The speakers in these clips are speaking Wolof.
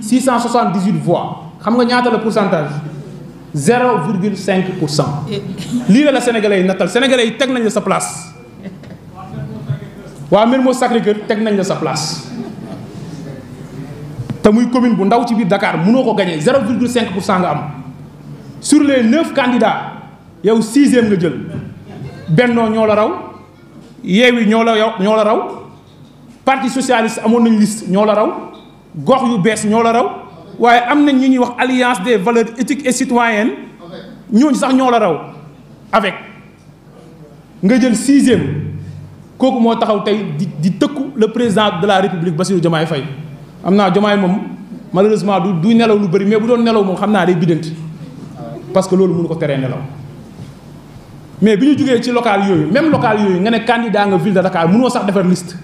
six cent soixante dix huit voix xam nga ñaata la pourcentage zéro virgule cinq pour cent lii la la sénégalais yi nattal sénégalais yi teg nañ la sa place waa Mermoz Sacré-Cœur teg nañ la sa place te muy commune bu ndaw ci biir dakaar munoo ko gañee zéro virgule cinq pour cent nga am sur les neuf candidats yow sixième la jël Bennoo ñoo la raw Yewwi ñoo la ñoo la raw parti socialiste amoon nañu liste ñoo la raw gox yu bees ñoo la raw waaye am nañ ñu ñuy wax alliance des valeurs éthiques et citoyennes ñooñu sax ñoo la raw avec nga jël sixième kooku moo taxaw tey di di tëkku le président de la république Bassirou Diomaye fay am naa Diomaye moom malheureusement du du nelaw lu bëri mais bu doon nelaw moom xam naa day biddanti parce que loolu mënu ko teree nelaw mais bi ñu jógee ci local yooyu même local yooyu nga ne candidat nga ville de Dakar mënoo sax defar liste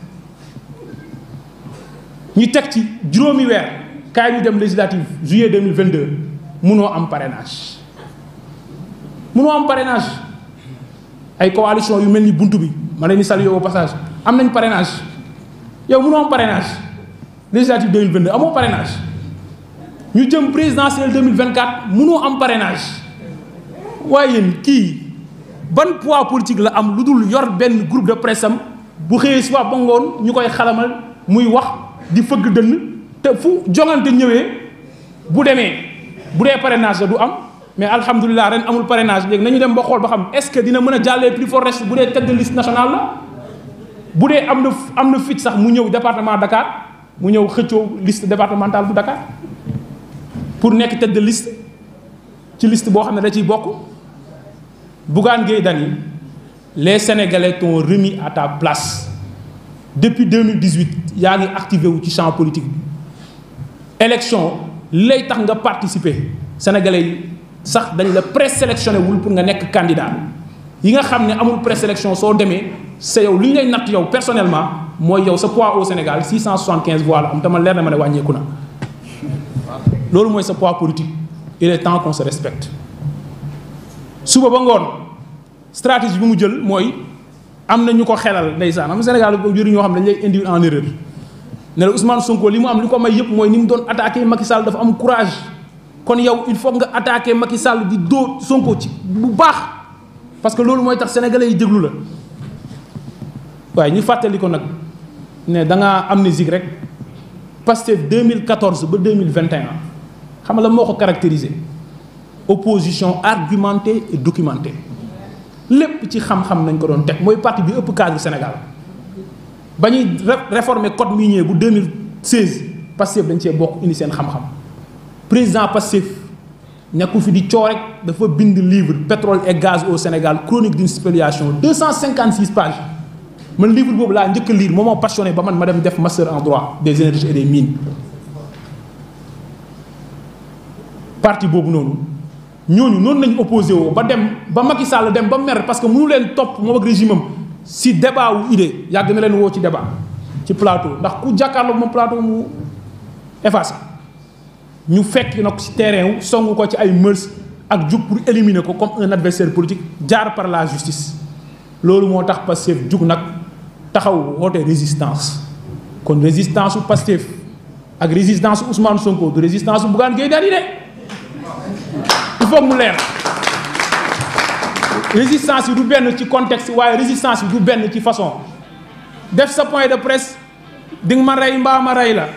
ñu teg ci juróomi weer kaay ñu dem législative juillet 2022 munoo am parrainage munoo am parrainage ay coalition yu mel ni bunt bi ma leen di saluer au passage am nañ parrainage yow munoo am parrainage législative 2022 amoo ñu jëm présidentielle 2024 munoo am parrainage waaye yéen kii ban poids politique la am lu dul yor benn groupe de presse am bu xëyee suba ba ngoon ñu koy xalamal muy wax di fëgg dënn te fu jongante ñëwee bu demee bu dee parenage la du am mais alhamdulilah ren amul parrainage léegi nañu dem ba xool ba xam est-ce que dina mën a jàllee plus fort reste bu dee tête de liste nationale bu dee am na am na fit sax mu ñëw département Dakar mu ñëw xëccoo liste départementale bu Dakar pour nekk tête de liste ci liste boo xam ne da ciy bokk Bougane Gueye dani les Sénégalais t'ont remis à ta place depuis 2018 yaa ngi activé wu ci champ politique bi élection lay tax nga participer sénégalais yi sax dañ la présélectionné wul pour nga nekk candidat yi nga xam ne amul présélection soo demee sa yow li ñu lay natt yow personnellement mooy yow sa poids au Sénégal 675 voix la am dama leer na ma ne wàññeeku na loolu mooy sa poids politique il est temps qu'on se respecte suba ba ngoon stratégie bi mu jël mooy. am na ñu ko xelal ndeysaan am Sénégal jëriñ ñoo xam ne dañ lay induire en erreur ne la Ousmane Sonko li mu am li ko may yëpp mooy ni mu doon attaqué Macky Sall dafa am courage kon yow il faut nga attaqué Macky Sall di dóor Sonko ci bu baax parce que loolu mooy tax sénégalais yi déglu la waaye ñu fàttali ko nag ne da ngaa amnésique rek deux Pastef 2014 ba vingt 2021 xam nga la moo ko caractérisé opposition argumentée et documentée. lépp ci xam-xam nañ ko doon teg mooy parti bi ëpp cadre Sénégal ba ñuy réformer code minier bu mille 2016 Pastef dañ cee bokk indi seen xam-xam président Pastef nekku fi di coo dafa bind livre pétrole et gaz au Sénégal chronique d'une spoliation 256 pages man livre boobu laa njëkk liir moom moo ma ba man ma dem def master en droit des énergies et des mines parti boobu noonu. ñooñu noonu lañ opposé woo ba dem ba i Sall dem ba mer parce que mënu leen topp moom ak régime am si débat wu idée yàgg na leen woo ci débat ci plateau ndax ku jàkkaarloog moom plateau mu effacé ñu fekk nag ci terrain wu songu ko ci ay mërs ak jug pour éliminer ko comme un adversaire politique jaar par la justice loolu moo tax Pastef jug nag taxaw woote résistance kon résistance su Pastef ak résistance Ousmane Sonko du résistance su Bougane Gueye Dany de il faut mu leer résistance yi du benn ci contexte waaye résistance yi du benn ci façon def sa point de presse di nga ma rey mbaa ma rey la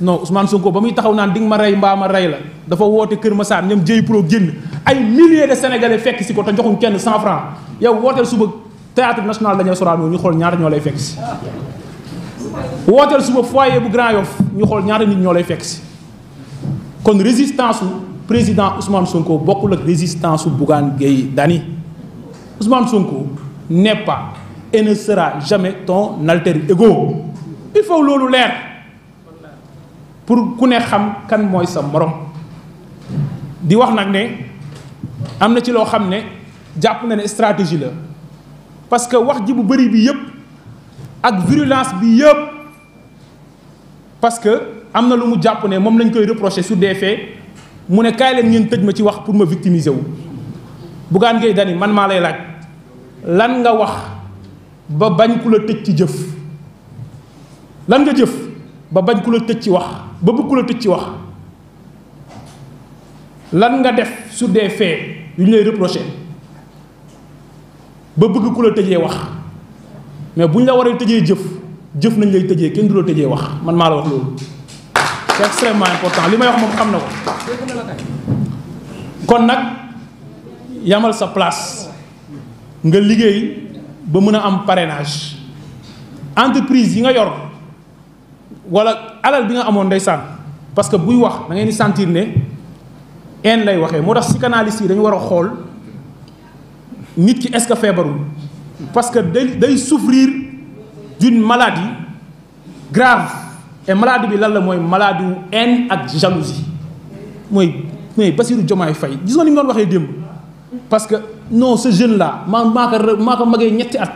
non Ousmane Sonko ba muy taxaw naan di nga ma rey mbaa ma rey la dafa woote Kër Massar ñoom jëy pro génn ay milliers de sénégalais fekk si ko te joxuñ kenn cent franc yow wooteel suba théâtre national dañoo Sorano ñu xool ñaata ñoo lay fekk si. wooteel suba foyer bu Grand Yoff ñu xool ñaata nit ñoo lay fekk si kon président Ousmane Sonko bokkul ak résistance su Bougane Gueye Dany Ousmane Sonko n'est pas et ne sera jamais ton alter ego il faut loolu leer pour ku ne xam kan mooy sa morom di wax nag ne am na ci loo xam ne jàpp na ne stratégie la parce que wax ji bu bëri bi yëpp ak virulence bi yëpp parce que am na lu mu jàpp ne moom lañ koy reprocher su des faits mu ne kaay leen ngeen tëj ma ci wax pour ma victimiser wu Bougane Gueye Dany man maa lay laaj lan nga wax ba bañ ku la tëj ci jëf lan nga jëf ba bañ ku la tëj ci wax ba bëgg ku tëj ci wax lan nga def sur des faits yu ñu lay reproché ba bëgg ku la tëjee wax mais bu ñu la waree tëjee jëf jëf nañ lay tëjee kenn du la tëjee wax man maa la wax loolu c'est extrêmement important li may wax moom xam na ko kon nag yamal sa place nga liggéey ba mën a am parrainage entreprise yi nga yor wala alal bi nga amoon ndeysaan parce que buy wax da ngeen di sentir ne en lay waxee moo tax psychanalyste yi dañu war a xool nit ki est-ce que feebarul parce que day day souffrir d'une maladie grave te maladie bi lan la mooy maladie wu haine ak jalousie mooy mooy Bassirou Diomaye Faye gis nga ni mu doon waxee démb parce que non ce jeune là maa maa ko ko magee ñetti at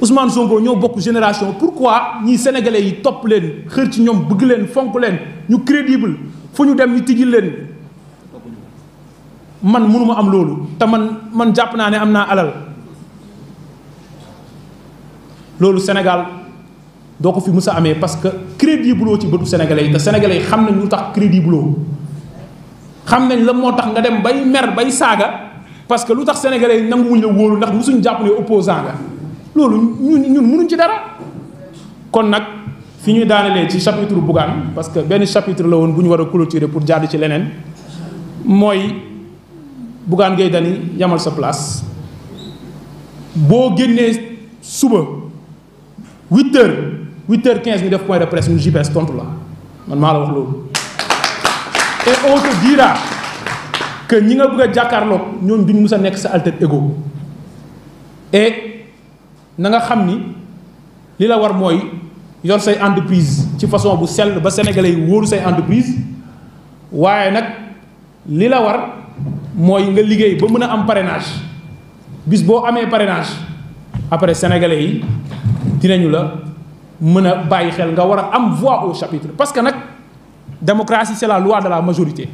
Ousmane Sonko ñoo bokk génération pourquoi ñi sénégalais yi topp leen xër ci ñoom bëgg leen fonk leen ñu crédible fu ñu dem ñu tijjil leen man mënuma am loolu te man man jàpp naa ne am naa alal loolu Sénégal doo ko fi mës amee parce que buloo ci bëtu sénégalais yi te sénégalais xam nañ lu tax crédible xam nañ la moo tax nga dem bay mer bay saaga parce que lu tax sénégalais yi wuñ la wóolu ndax musuñ jàpp ne opposant nga loolu ñun ñun mënuñ ci dara kon nag fi ñuy daanelee ci chapitre Bougane parce que benn chapitre la woon bu ñu war a clôturer pour jàdd ci leneen mooy Bougane Gueye Dany yamal sa place boo génnee suba huit huit heures quinze ñu def point de presse ñun JPS tontu la man maa la wax loolu et on te dira ñi nga bëgg jàkkaarlook ñoom ñoom ñu mus a nekk sa alter ego et na nga xam ni li la war mooy yor say entreprise ci façon bu sell ba sénégalais yi wóoru say entreprise waaye nag li la war mooy nga liggéey ba mën a am parrainage bis boo amee parrainage après sénégalais yi dinañu la mën a bàyyi xel nga war a am voix au chapitre parce que nag démocratie c'est la loi de la majorité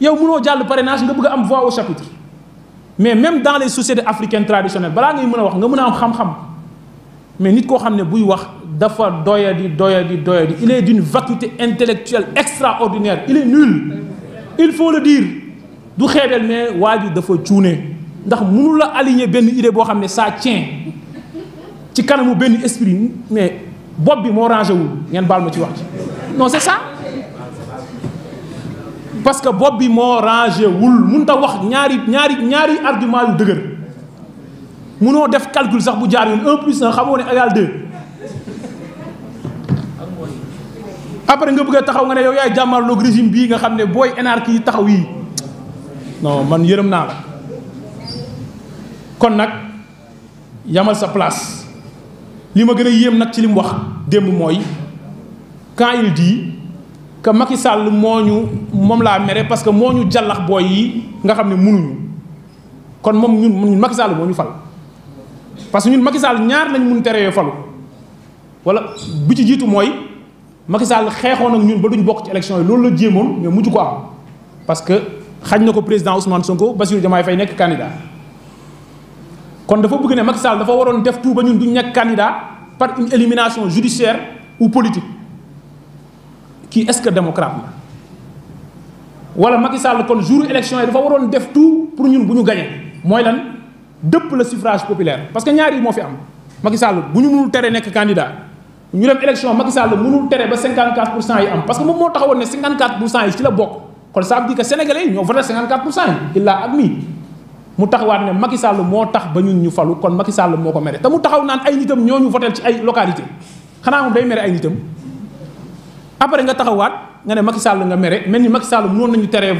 yow mënoo jàll parrainage nga bëgg am voix au chapitre mais même dans les sociétés africaines traditionnelles balaa ngay mën a wax nga mën a am xam-xam mais nit koo xam ne buy wax dafa doyadi doyadi doyadi il est d'une vacuité intellectuelle extraordinaire il est nul il faut le dire du xeebeel mais waa ji dafa cuune ndax mënu la aligner benn idée boo xam ne ça tient ci kanamu benn esprit mais bopp bi moo rangé wul ngeen baal ma ci wax ci non c'est ça parce que bopp bi moo rangé wul mun ta wax ñaari ñaari ñaari argument yu dëgër munoo def calcul sax bu jaar yoon un plus un xamoo ne égal deux après nga bëgg a taxaw nga ne yow yaay jàmmarloog régime bii nga xam ne booy énarque yi taxaw yi non man yërëm naa la kon nag yamal sa place li ma gën a yéem nag ci li mu wax démb mooy quand il dit que Macky moo ñu moom laa mere parce que moo ñu jàllax booy yi nga xam ne mënuñu kon moom ñun ñun Macky Sall moo ñu fal parce que ñun Macky Sall ñaar lañ mun terewee falu wala bi ci jiitu mooy Macky Sall xeexoon ak ñun ba duñ bokk ci élection yi loolu la jéemoon mais mujj ko am parce que xañ na ko président Ousmane Sonko Bassirou Diomaye fay nekk candidat kon dafa bëgg ne Macky Sall dafa waroon def tout ba ñun du nekk candidat par une élimination judiciaire ou politique kii est-ce que démocrate la wala Macky Sall kon jour élection yi dafa waroon def tout pour ñun bu ñu gañee mooy lan dëpp la suffrage populaire parce que ñaar yi moo fi am Macky bu ñu mënul tere nekk candidat ñu dem élection Macky Sall mënul tere ba 54 pour cent yi am parce que moom moo taxawoon ne yi ci la bokk kon ça veut dire que sénégalais yi ñoo voté 54 yi mu taxawaat ne Macky Sall moo tax ba ñu ñu falu kon Macky Sall moo ko mere te mu taxaw naan ay nitam ñoo ñu votel ci ay localité xanaa moom day mere ay nitam après nga taxawaat nga ne Macky Sall nga mere mel ni Macky Sall mënoon nañu teree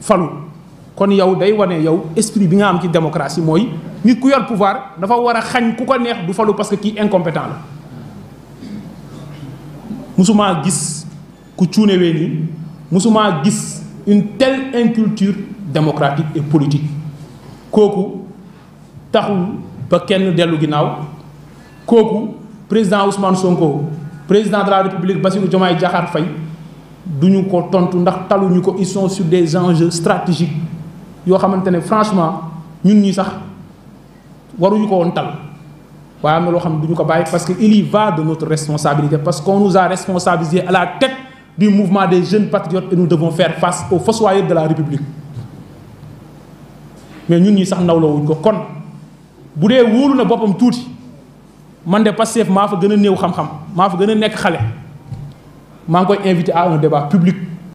falu kon yow day wane yow esprit bi nga am ci démocratie mooy nit ku yor pouvoir dafa war a xañ ku ko neex du falu parce que kii incompétent la musuma gis ku cuunewee nii musuma gis une telle inculture démocratique et politique kooku taxul ba kenn dellu ginnaaw kooku président Ousmane Sonko président de la République Bassirou Diomaye Diakhar Faye duñu ko tontu ndax taluñu ko ils sont sur des enjeux stratégiques yoo xamante ne franchement ñun ñi sax waruñu ko woon tal waaye am na loo xam ne duñu ko bàyyi parce que il y va de notre responsabilité parce qu'on nous a responsabilisé à la tête du mouvement des jeunes patriotes et nous devons face aux fossoyeurs de la République mais ñun ñi sax nawloo wuñ ko kon bu dee wóolu na boppam tuuti man de Pastef maa fa gën a néew xam-xam maa fa gën a nekk xale maa ngi koy invité à un débat public